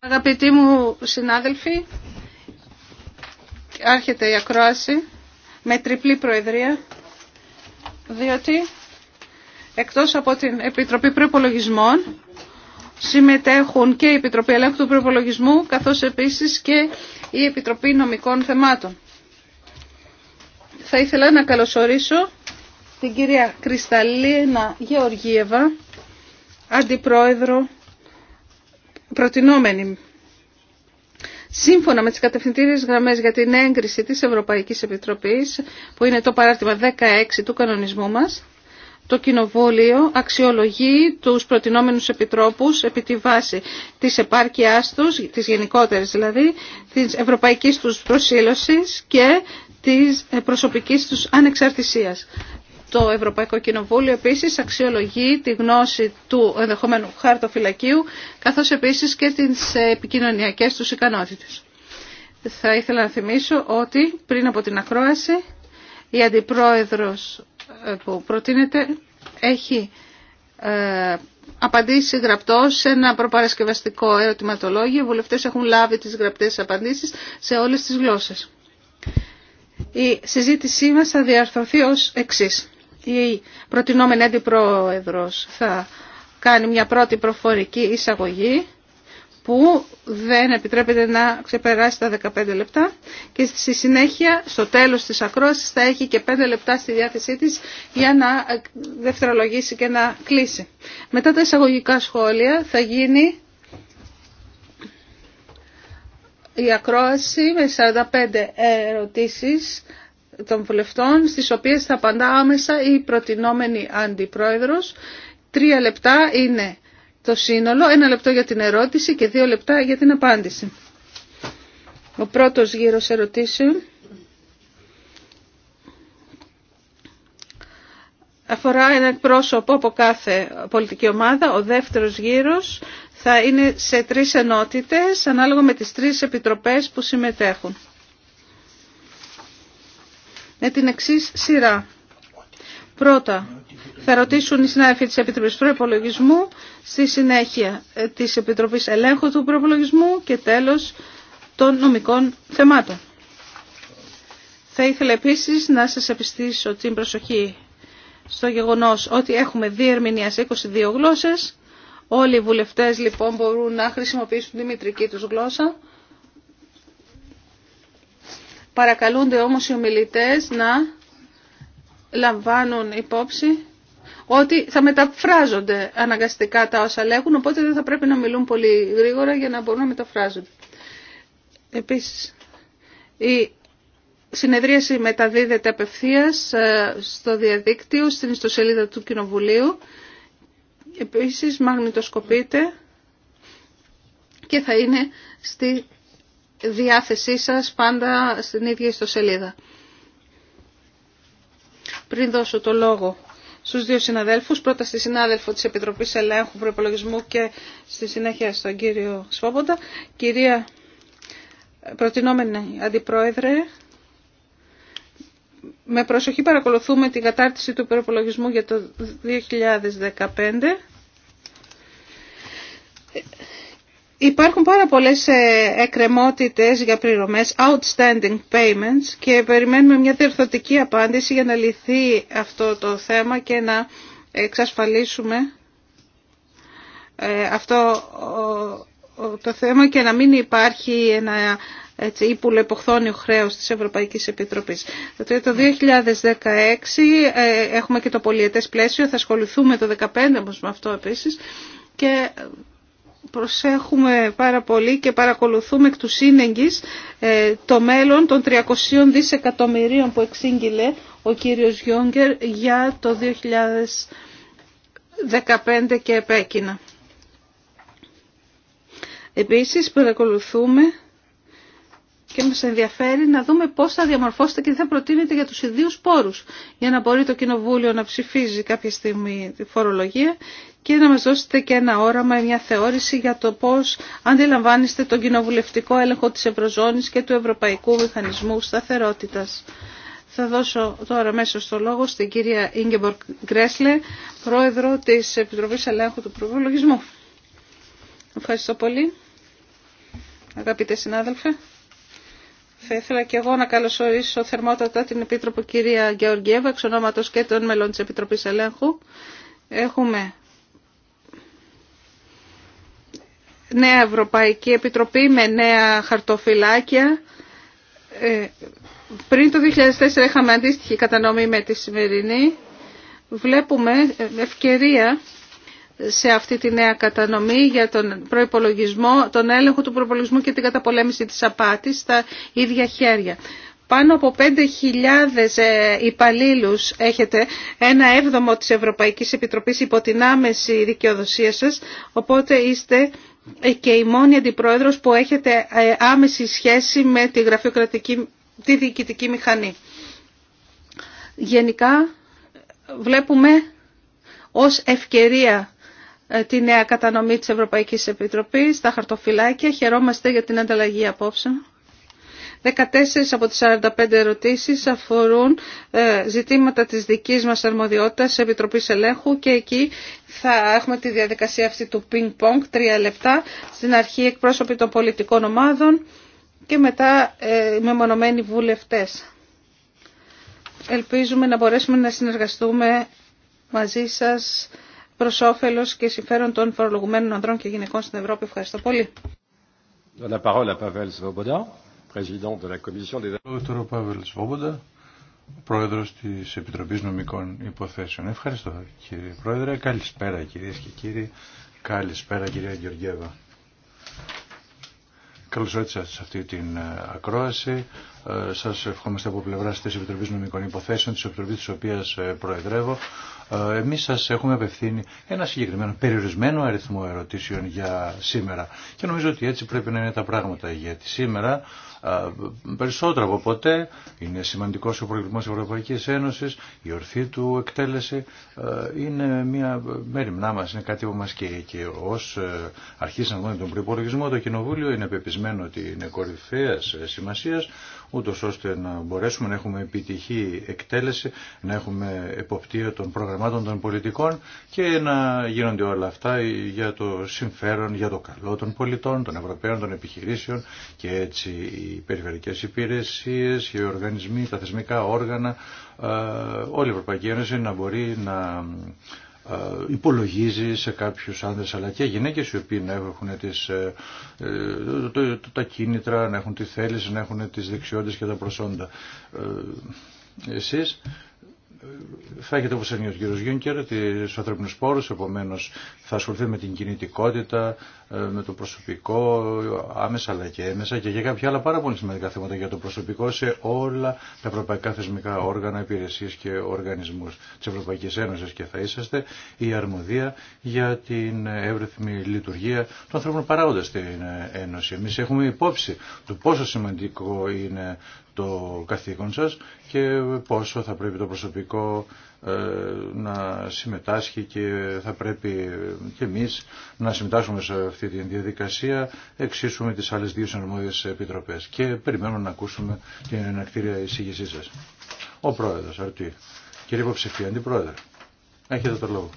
Αγαπητοί μου συνάδελφοι, άρχεται η ακρόαση με τριπλή προεδρία, διότι εκτός από την Επιτροπή Προπολογισμών συμμετέχουν και η Επιτροπή Ελέγχου του Προπολογισμού, καθώς επίσης και η Επιτροπή Νομικών Θεμάτων. Θα ήθελα να καλωσορίσω την κυρία Κρυσταλίνα Γεωργίεβα, αντιπρόεδρο προτινόμενη. Σύμφωνα με τις κατευθυντήριες γραμμές για την έγκριση της Ευρωπαϊκής Επιτροπής, που είναι το παράρτημα 16 του κανονισμού μας, το Κοινοβούλιο αξιολογεί τους προτινόμενους επιτρόπους επί τη βάση της επάρκειάς τους, της γενικότερης δηλαδή, της ευρωπαϊκής τους προσήλωσης και της προσωπικής τους ανεξαρτησίας. Το Ευρωπαϊκό Κοινοβούλιο επίσης αξιολογεί τη γνώση του ενδεχομένου χαρτοφυλακίου, καθώς επίσης και τις επικοινωνιακές του ικανότητες. Θα ήθελα να θυμίσω ότι πριν από την ακρόαση η αντιπρόεδρος ε, που προτείνεται έχει ε, απαντήσει γραπτό σε ένα προπαρασκευαστικό ερωτηματολόγιο. Οι βουλευτές έχουν λάβει τις γραπτές απαντήσεις σε όλες τις γλώσσες. Η συζήτησή μας θα διαρθρωθεί ως εξής η προτινόμενη αντιπρόεδρος θα κάνει μια πρώτη προφορική εισαγωγή που δεν επιτρέπεται να ξεπεράσει τα 15 λεπτά και στη συνέχεια στο τέλος της ακρόασης θα έχει και 5 λεπτά στη διάθεσή της για να δευτερολογήσει και να κλείσει. Μετά τα εισαγωγικά σχόλια θα γίνει η ακρόαση με 45 ερωτήσεις των βουλευτών, στις οποίες θα απαντά άμεσα η προτινόμενη αντιπρόεδρος. Τρία λεπτά είναι το σύνολο, ένα λεπτό για την ερώτηση και δύο λεπτά για την απάντηση. Ο πρώτος γύρος ερωτήσεων αφορά ένα πρόσωπο από κάθε πολιτική ομάδα. Ο δεύτερος γύρος θα είναι σε τρεις ενότητες, ανάλογα με τις τρεις επιτροπές που συμμετέχουν με την εξή σειρά. Πρώτα, θα ρωτήσουν οι συνάδελφοι της Επιτροπής Προϋπολογισμού, στη συνέχεια ε, της Επιτροπής Ελέγχου του Προϋπολογισμού και τέλος των νομικών θεμάτων. Θα ήθελα επίσης να σας επιστήσω την προσοχή στο γεγονός ότι έχουμε δύο ερμηνεία σε 22 γλώσσες. Όλοι οι βουλευτές λοιπόν μπορούν να χρησιμοποιήσουν τη μητρική τους γλώσσα. Παρακαλούνται όμως οι ομιλητές να λαμβάνουν υπόψη ότι θα μεταφράζονται αναγκαστικά τα όσα λέγουν, οπότε δεν θα πρέπει να μιλούν πολύ γρήγορα για να μπορούν να μεταφράζονται. Επίσης, η συνεδρίαση μεταδίδεται απευθείας ε, στο διαδίκτυο, στην ιστοσελίδα του Κοινοβουλίου. Επίσης, μαγνητοσκοπείται και θα είναι στη διάθεσή σας πάντα στην ίδια ιστοσελίδα. Πριν δώσω το λόγο στους δύο συναδέλφους, πρώτα στη συνάδελφο της Επιτροπής Ελέγχου Προπολογισμού και στη συνέχεια στον κύριο Σφόποντα. Κυρία προτινόμενη Αντιπρόεδρε, με προσοχή παρακολουθούμε την κατάρτιση του προπολογισμού για το 2015. Υπάρχουν πάρα πολλές ε, εκκρεμότητες για πληρωμές, outstanding payments και περιμένουμε μια διορθωτική απάντηση για να λυθεί αυτό το θέμα και να εξασφαλίσουμε ε, αυτό το θέμα και να μην υπάρχει ένα έτσι, ύπουλο υποχθώνιο χρέος της Ευρωπαϊκής Επιτροπής. Το 2016 ε, έχουμε και το πολιετές πλαίσιο, θα ασχοληθούμε το 2015 όμως με αυτό επίσης και προσέχουμε πάρα πολύ και παρακολουθούμε εκ του σύνεγγυς ε, το μέλλον των 300 δισεκατομμυρίων που εξήγηλε ο κύριος Γιόγκερ για το 2015 και επέκεινα. Επίσης παρακολουθούμε και μας ενδιαφέρει να δούμε πώς θα διαμορφώσετε και τι θα προτείνετε για τους ιδίους πόρους για να μπορεί το Κοινοβούλιο να ψηφίζει κάποια στιγμή τη φορολογία και να μας δώσετε και ένα όραμα, μια θεώρηση για το πώς αντιλαμβάνεστε τον κοινοβουλευτικό έλεγχο της Ευρωζώνης και του Ευρωπαϊκού Μηχανισμού Σταθερότητας. Θα δώσω τώρα μέσω στο λόγο στην κυρία Ίγκεμπορ Γκρέσλε, πρόεδρο της Επιτροπής Ελέγχου του Προβολογισμού. Ευχαριστώ πολύ, αγαπητέ συνάδελφε. Θα ήθελα και εγώ να καλωσορίσω θερμότατα την Επίτροπο κυρία Γεωργιέβα, εξ ονόματος και των μελών της Επιτροπής Ελέγχου. Έχουμε νέα Ευρωπαϊκή Επιτροπή με νέα χαρτοφυλάκια. Ε, πριν το 2004 είχαμε αντίστοιχη κατανομή με τη σημερινή. Βλέπουμε ευκαιρία σε αυτή τη νέα κατανομή για τον προϋπολογισμό, τον έλεγχο του προϋπολογισμού και την καταπολέμηση της απάτης στα ίδια χέρια. Πάνω από 5.000 ε, υπαλλήλους έχετε, ένα έβδομο της Ευρωπαϊκής Επιτροπής υπό την άμεση δικαιοδοσία σας, οπότε είστε ε, και η μόνη αντιπρόεδρος που έχετε ε, άμεση σχέση με τη γραφειοκρατική, τη διοικητική μηχανή. Γενικά βλέπουμε ως ευκαιρία ε, τη νέα κατανομή της Ευρωπαϊκής Επιτροπής, τα χαρτοφυλάκια. Χαιρόμαστε για την ανταλλαγή απόψε. 14 από τις 45 ερωτήσεις αφορούν ε, ζητήματα της δικής μας αρμοδιότητας Επιτροπής Ελέγχου και εκεί θα έχουμε τη διαδικασία αυτή του ping pong, τρία λεπτά, στην αρχή εκπρόσωποι των πολιτικών ομάδων και μετά ε, μεμονωμένοι βουλευτές. Ελπίζουμε να μπορέσουμε να συνεργαστούμε μαζί σας προς όφελος και συμφέρον των φορολογουμένων ανδρών και γυναικών στην Ευρώπη. Ευχαριστώ πολύ. La parole à Pavel Svoboda, président πρόεδρος της Επιτροπής Νομικών Υποθέσεων. Ευχαριστώ κύριε Πρόεδρε. Καλησπέρα κυρίες και κύριοι. Καλησπέρα κυρία Γεωργιέβα. Καλώς ήρθατε σε αυτή την ε, ακρόαση. Ε, σας ευχόμαστε από πλευρά τη Επιτροπή Νομικών Υποθέσεων, τη Επιτροπής της οποίας ε, προεδρεύω. Εμείς σας έχουμε απευθύνει ένα συγκεκριμένο περιορισμένο αριθμό ερωτήσεων για σήμερα. Και νομίζω ότι έτσι πρέπει να είναι τα πράγματα, γιατί σήμερα περισσότερο από ποτέ είναι σημαντικός ο προηγουμένος της Ευρωπαϊκής Ένωσης, η ορθή του εκτέλεση είναι μια μέρημνά μας, είναι κάτι που μας καίει και να δούμε τον προπολογισμό το Κοινοβούλιο είναι πεπισμένο σημαίνει ότι είναι κορυφαία σημασία, ούτω ώστε να μπορέσουμε να έχουμε επιτυχή εκτέλεση, να έχουμε εποπτεία των προγραμμάτων των πολιτικών και να γίνονται όλα αυτά για το συμφέρον, για το καλό των πολιτών, των Ευρωπαίων, των επιχειρήσεων και έτσι οι περιφερειακές υπηρεσίες, οι οργανισμοί, τα θεσμικά όργανα, όλη η Ευρωπαϊκή Ένωση να μπορεί να ε, υπολογίζει σε κάποιους άνδρες αλλά και γυναίκες οι οποίοι να έχουν τις, ε, ε, τα κίνητρα, να έχουν τη θέληση, να έχουν τις δεξιότητες και τα προσόντα. Εσείς θα έχετε όπως έγινε ο κύριος Γιούνκερ τις ανθρώπινους πόρους, επομένως θα ασχοληθεί με την κινητικότητα, ε, με το προσωπικό άμεσα αλλά και έμεσα και για κάποια άλλα πάρα πολύ σημαντικά θέματα για το προσωπικό σε όλα τα ευρωπαϊκά θεσμικά όργανα, υπηρεσίες και οργανισμούς της Ευρωπαϊκής Ένωσης και θα είσαστε η αρμοδία για την εύρυθμη λειτουργία των ανθρώπων παράγοντας στην Ένωση. Εμείς έχουμε υπόψη του πόσο σημαντικό είναι το καθήκον σας και πόσο θα πρέπει το προσωπικό ε, να συμμετάσχει και θα πρέπει και εμείς να συμμετάσχουμε σε αυτή τη διαδικασία εξίσου με τις άλλες δύο συνομόδιες επιτροπές και περιμένουμε να ακούσουμε την ενακτήρια εισήγησή σας. Ο Πρόεδρος, Αρτή. Κύριε Υποψηφία, Αντιπρόεδρε, έχετε το λόγο.